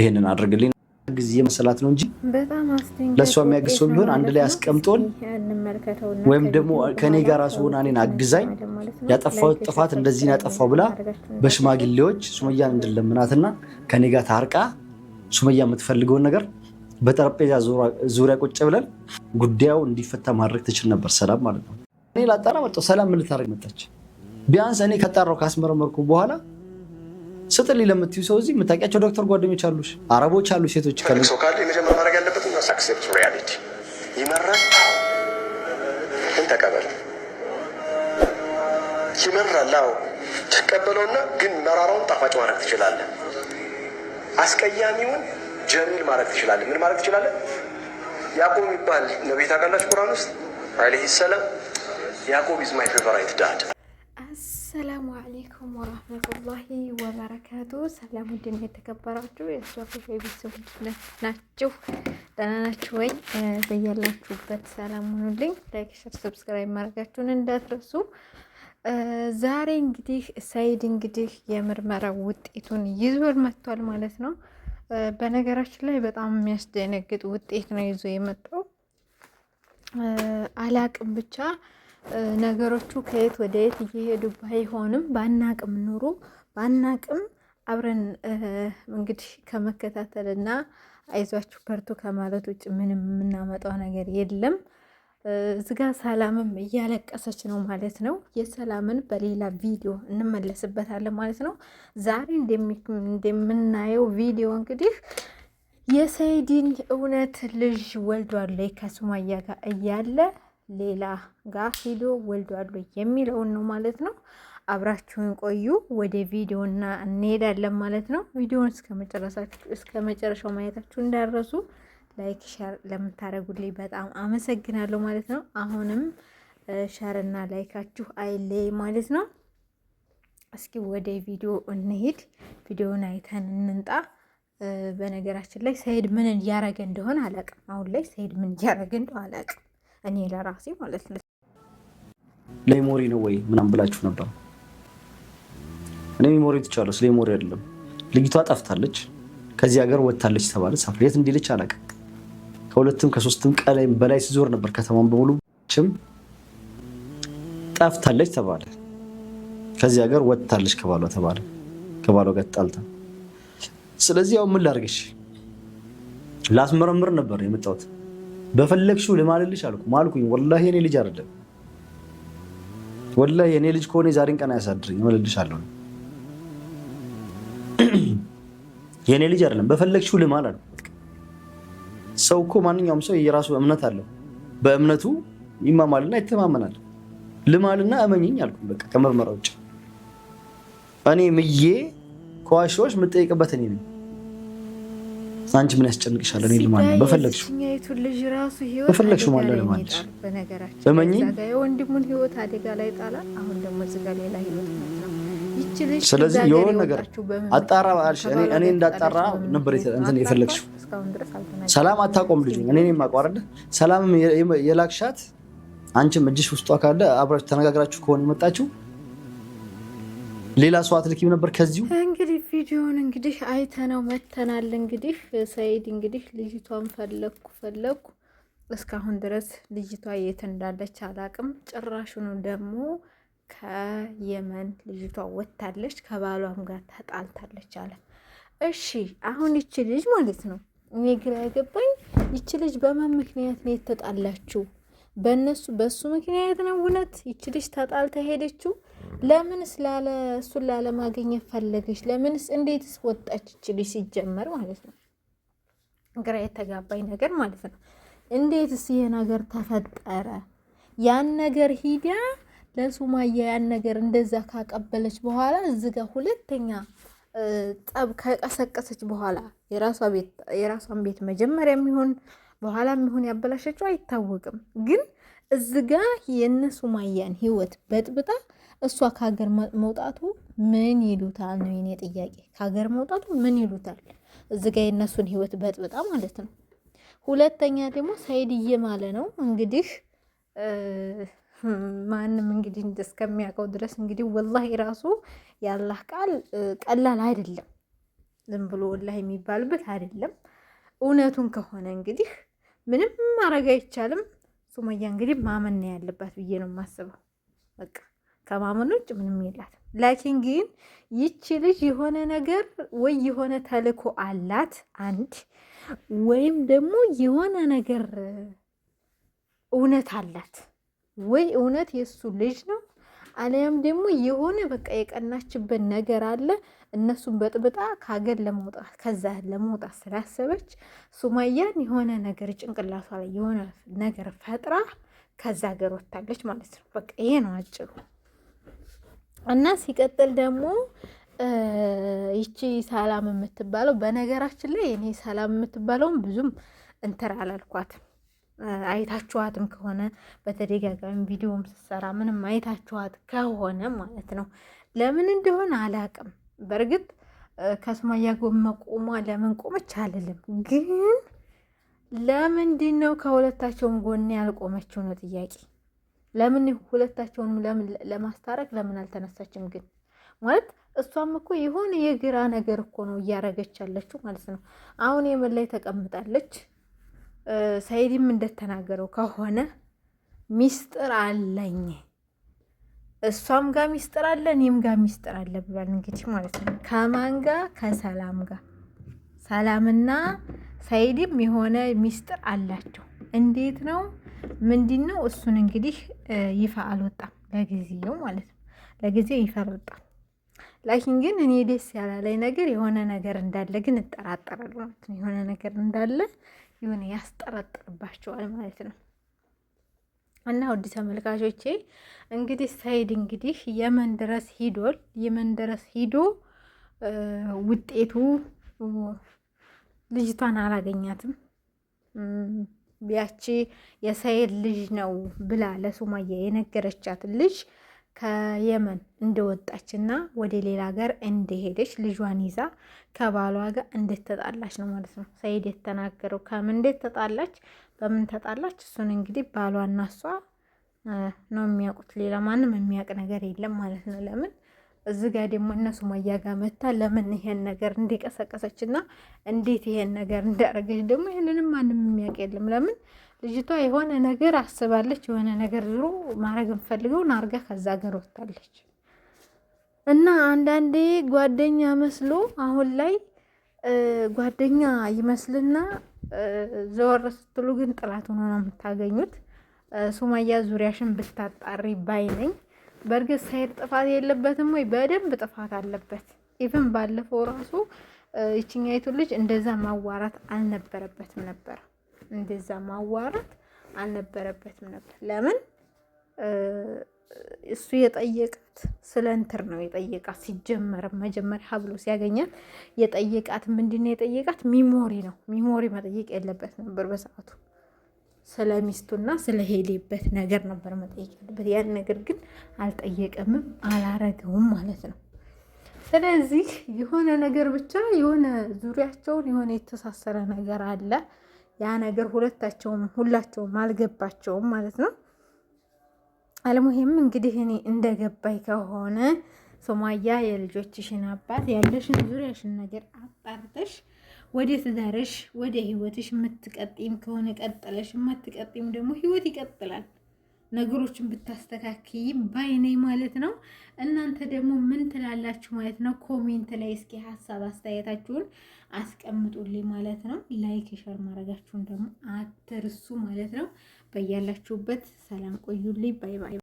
ይህንን አድርግልኝ ጊዜ መሰላት ነው እንጂ ለእሷ የሚያግዝ ሰው ቢሆን አንድ ላይ አስቀምጦን ወይም ደግሞ ከእኔ ጋር ሲሆን እኔን አግዛኝ ያጠፋው ጥፋት እንደዚህ ያጠፋው ብላ በሽማግሌዎች ሱመያን እንድለምናትና ከእኔ ጋር ታርቃ ሱመያ የምትፈልገውን ነገር በጠረጴዛ ዙሪያ ቁጭ ብለን ጉዳዩ እንዲፈታ ማድረግ ትችል ነበር። ሰላም ማለት ነው። እኔ ላጣራ መጣሁ። ሰላም ምን ልታደርግ መጣች? ቢያንስ እኔ ከጣራው ካስመረመርኩ በኋላ ስጥልኝ ለምትዩ ሰው እዚህ የምታውቂያቸው ዶክተር ጓደኞች አሉ፣ አረቦች አሉ፣ ሴቶች ሰው ካለ ማድረግ ያለበት አክሴፕት ሪያሊቲ ይመራል፣ ግን ተቀበል ይመራል። አዎ ትቀበለውና ግን መራራውን ጣፋጭ ማድረግ ትችላለህ። አስቀያሚውን ጀሚል ማድረግ ትችላለ ምን ማድረግ ትችላለህ? ያዕቆብ የሚባል ነብይ ታውቃላችሁ? ቁርአን ውስጥ አለይሂ ሰላም ያዕቆብ ኢዝ ማይ ፌቨራይት ዳድ አሰላሙ አሌይኩም ወራህመቱላሂ ወበረካቱ። ሰላም ውድና የተከበራችሁ የሷፊሻ ቤተሰቦች ናችሁ። ደህና ናችሁ ወይ? በያላችሁበት ሰላም ሆኑልኝ። ላይክ፣ ሸር፣ ሰብስክራይብ ማድረጋችሁን እንዳትረሱ። ዛሬ እንግዲህ ሰኢድ እንግዲህ የምርመራ ውጤቱን ይዞ መጥቷል ማለት ነው። በነገራችን ላይ በጣም የሚያስደነግጥ ውጤት ነው ይዞ የመጣው አላቅም ብቻ ነገሮቹ ከየት ወደ የት እየሄዱ ባይሆንም ባናቅም ኑሩ ባናቅም አብረን እንግዲህ ከመከታተልና አይዟችሁ በርቱ ከማለት ውጭ ምንም የምናመጣው ነገር የለም። እዚጋ ሰላምም እያለቀሰች ነው ማለት ነው። የሰላምን በሌላ ቪዲዮ እንመለስበታለን ማለት ነው። ዛሬ እንደምናየው ቪዲዮ እንግዲህ የሰይድን እውነት ልጅ ወልዷል ከሱማያ ጋር እያለ ሌላ ጋ ሂዶ ወልዷሉ የሚለውን ነው ማለት ነው። አብራችሁን ቆዩ። ወደ ቪዲዮ እና እንሄዳለን ማለት ነው። ቪዲዮን እስከ መጨረሻው ማየታችሁ እንዳረሱ ላይክ፣ ሸር ለምታደርጉልኝ በጣም አመሰግናለሁ ማለት ነው። አሁንም ሸርና ላይካችሁ አይለይ ማለት ነው። እስኪ ወደ ቪዲዮ እንሄድ። ቪዲዮን አይተን እንንጣ። በነገራችን ላይ ሰይድ ምን እያረገ እንደሆነ አላቅም። አሁን ላይ ሰይድ ምን እያረገ እንደሆነ አላቅም። እኔ ለራሴ ማለት ነው ሜሞሪ ነው ወይ ምናምን ብላችሁ ነበር። እኔ ሜሞሪ ትቻለሁ፣ ስለ ሜሞሪ አይደለም። ልጅቷ ጠፍታለች፣ ከዚህ ሀገር ወጥታለች ተባለ። ሰፍር የት እንዲለች አላውቅም። ከሁለትም ከሶስትም ቀላይም በላይ ሲዞር ነበር ከተማን በሙሉ ችም ጠፍታለች ተባለ። ከዚህ ሀገር ወጥታለች ከባሏ ተባለ። ከባሏ ጋር ተጣልታ ስለዚህ ያው ምን ላድርግሽ ላስመረምር ነበር የመጣሁት በፈለግሽው ልማልልሽ አልኩ ማልኩኝ። ወላሂ የኔ ልጅ አይደለም፣ ወላሂ የኔ ልጅ ከሆነ የዛሬን ቀን አያሳድረኝ እምልልሻለሁ። የኔ ልጅ አይደለም፣ በፈለግሽው ልማል አልኩ። ሰው እኮ ማንኛውም ሰው የራሱ እምነት አለው። በእምነቱ ይማማልና ይተማመናል። ልማልና እመኝኝ አልኩ በቃ ከምርመራ ውጭ እኔ ምዬ ከዋሻዎች የምጠይቅበት እኔ ነኝ። አንቺ ምን ያስጨንቅሻል? እኔ ልማ ነው በፈለግሽው በፈለግሽው ማለት የወንድሙን ህይወት አደጋ ላይ ጣላ። አሁን ደግሞ ሌላ ህይወት ነው። ስለዚህ የሆነ ነገር አጣራ እኔ እኔ እንዳጣራ ነበር እንትን የፈለግሽው። ሰላም አታቆም ልጁ እኔ እኔም አውቀው ሰላም የላክሻት አንቺም እጅሽ ውስጧ ካለ አብራችሁ ተነጋግራችሁ ከሆነ የመጣችው ሌላ ሰው አትልኪም ነበር። ከዚሁ እንግዲህ ቪዲዮውን እንግዲህ አይተነው መተናል። እንግዲህ ሰይድ እንግዲህ ልጅቷን ፈለግኩ ፈለግኩ እስካሁን ድረስ ልጅቷ የት እንዳለች አላቅም። ጭራሹኑ ደግሞ ከየመን ልጅቷ ወታለች ከባሏም ጋር ተጣልታለች አለ። እሺ አሁን ይቺ ልጅ ማለት ነው እኔ ግራ ያገባኝ ይቺ ልጅ በማን ምክንያት ነው የተጣላችው? በእነሱ በእሱ ምክንያት ነው እውነት ይቺ ልጅ ተጣልታ ሄደችው? ለምንስ ላለ እሱን ላለማገኘት ፈለገች? ለምንስ እንዴትስ ወጣች ችል ሲጀመር ማለት ነው ግራ የተጋባኝ ነገር ማለት ነው። እንዴትስ ይሄ ነገር ተፈጠረ? ያን ነገር ሂዳ ለሱማያ ያን ነገር እንደዛ ካቀበለች በኋላ እዚጋ ሁለተኛ ጠብ ከቀሰቀሰች በኋላ የራሷን ቤት መጀመሪያ የሚሆን በኋላ የሚሆን ያበላሸችው አይታወቅም። ግን እዚጋ ጋ የእነ ሱማያን ህይወት በጥብጣ እሷ ከሀገር መውጣቱ ምን ይሉታል ነው የኔ ጥያቄ። ከሀገር መውጣቱ ምን ይሉታል? እዚ ጋ የእነሱን ህይወት በጥብጣ ማለት ነው። ሁለተኛ ደግሞ ሳይድዬ ማለ ነው እንግዲህ ማንም እንግዲህ እስከሚያውቀው ድረስ እንግዲህ ወላሂ ራሱ ያላህ ቃል ቀላል አይደለም። ዝም ብሎ ወላሂ የሚባልበት አይደለም። እውነቱን ከሆነ እንግዲህ ምንም ማድረግ አይቻልም። ሱመያ እንግዲህ ማመን ያለባት ብዬ ነው የማስበው በቃ ከማመን ውጭ ምንም የላት። ላኪን ግን ይቺ ልጅ የሆነ ነገር ወይ የሆነ ተልእኮ አላት አንድ፣ ወይም ደግሞ የሆነ ነገር እውነት አላት ወይ እውነት የእሱ ልጅ ነው አለያም ደግሞ የሆነ በቃ የቀናችበት ነገር አለ። እነሱን በጥብጣ ከሀገር ለመውጣት ከዛ ለመውጣት ስላሰበች ሱማያን የሆነ ነገር ጭንቅላቷ ላይ የሆነ ነገር ፈጥራ ከዛ ሀገር ወታለች ማለት ነው። በቃ ይሄ ነው አጭሩ። እና ሲቀጥል ደግሞ ይቺ ሰላም የምትባለው በነገራችን ላይ እኔ ሰላም የምትባለውን ብዙም እንትር አላልኳት። አይታችኋትም ከሆነ በተደጋጋሚ ቪዲዮም ስትሰራ ምንም አይታችኋት ከሆነ ማለት ነው። ለምን እንደሆነ አላቅም። በእርግጥ ከሱማያ ጎን መቆሟ ለምን ቆመች አልልም፣ ግን ለምንድን ነው ከሁለታቸውም ጎን ያልቆመችው ነው ጥያቄ። ለምን ሁለታቸውንም ለምን ለማስታረቅ ለምን አልተነሳችም? ግን ማለት እሷም እኮ የሆነ የግራ ነገር እኮ ነው እያረገች ያለችው ማለት ነው። አሁን የመን ላይ ተቀምጣለች። ሰይድም እንደተናገረው ከሆነ ሚስጥር አለኝ እሷም ጋር ሚስጥር አለ እኔም ጋር ሚስጥር አለ ብሏል። እንግዲህ ማለት ነው ከማን ጋር? ከሰላም ጋር። ሰላምና ሰይድም የሆነ ሚስጥር አላቸው። እንዴት ነው ምንድን ነው እሱን እንግዲህ ይፋ አልወጣም ለጊዜው ማለት ነው። ለጊዜው ይፋ አልወጣም። ላኪን ግን እኔ ደስ ያላለኝ ነገር የሆነ ነገር እንዳለ ግን እጠራጠራለሁ ማለት ነው። የሆነ ነገር እንዳለ ይሁን ያስጠረጥርባቸዋል ማለት ነው። እና ውድ ተመልካቾቼ እንግዲህ ሰኢድ እንግዲህ የመን ድረስ ሂዶል የመን ድረስ ሂዶ ውጤቱ ልጅቷን አላገኛትም። ያቺ የሰይድ ልጅ ነው ብላ ለሱማያ የነገረቻት ልጅ ከየመን እንደወጣች እና ወደ ሌላ ሀገር እንደሄደች ልጇን ይዛ ከባሏ ጋር እንደተጣላች ነው ማለት ነው ሰይድ የተናገረው። ከምን ተጣላች በምን ተጣላች? እሱን እንግዲህ ባሏ እና እሷ ነው የሚያውቁት። ሌላ ማንም የሚያውቅ ነገር የለም ማለት ነው። ለምን እዚህ ጋር ደግሞ እነሱ ማያጋ መታ ለምን ይሄን ነገር እንዲቀሰቀሰች እና እንዴት ይሄን ነገር እንዳረገች ደግሞ ይህንንም ማንም የሚያውቅ የለም። ለምን ልጅቷ የሆነ ነገር አስባለች፣ የሆነ ነገር ዞሮ ማድረግ እንፈልገውን አርጋ ከዛ ሀገር ወጥታለች። እና አንዳንዴ ጓደኛ መስሎ አሁን ላይ ጓደኛ ይመስልና ዘወር ስትሉ ግን ጥላት ሆኖ ነው የምታገኙት። ሱማያ ዙሪያሽን ብታጣሪ ባይ ነኝ። በእርግጥ ሳይድ ጥፋት የለበትም ወይ? በደንብ ጥፋት አለበት። ኢቭን ባለፈው ራሱ ይችኛይቱ ልጅ እንደዛ ማዋራት አልነበረበትም ነበር። እንደዛ ማዋራት አልነበረበትም ነበር። ለምን እሱ የጠየቃት ስለ እንትር ነው የጠየቃት። ሲጀመር መጀመሪያ ብሎ ሲያገኛት የጠየቃት ምንድን ነው የጠየቃት? ሚሞሪ ነው። ሚሞሪ መጠየቅ የለበት ነበር በሰዓቱ። ስለ ሚስቱና ስለ ሄሌበት ነገር ነበር መጠየቅ ያለበት። ያን ነገር ግን አልጠየቀምም፣ አላረገውም ማለት ነው። ስለዚህ የሆነ ነገር ብቻ የሆነ ዙሪያቸውን የሆነ የተሳሰረ ነገር አለ። ያ ነገር ሁለታቸውም ሁላቸውም አልገባቸውም ማለት ነው። አልሙሂም እንግዲህ እኔ እንደገባኝ ከሆነ ሶማያ የልጆችሽን አባት ያለሽን ዙሪያሽን ነገር አጣርተሽ ወደ ትዳርሽ ወደ ህይወትሽ የምትቀጥም ከሆነ ቀጠለሽ፣ የማትቀጥም ደግሞ ህይወት ይቀጥላል። ነገሮችን ብታስተካክይ ባይኔ ማለት ነው። እናንተ ደግሞ ምን ትላላችሁ ማለት ነው? ኮሜንት ላይ እስኪ ሀሳብ አስተያየታችሁን አስቀምጡልኝ ማለት ነው። ላይክ ሸር ማድረጋችሁን ደግሞ አትርሱ ማለት ነው። በያላችሁበት ሰላም ቆዩልኝ። ባይ ባይ።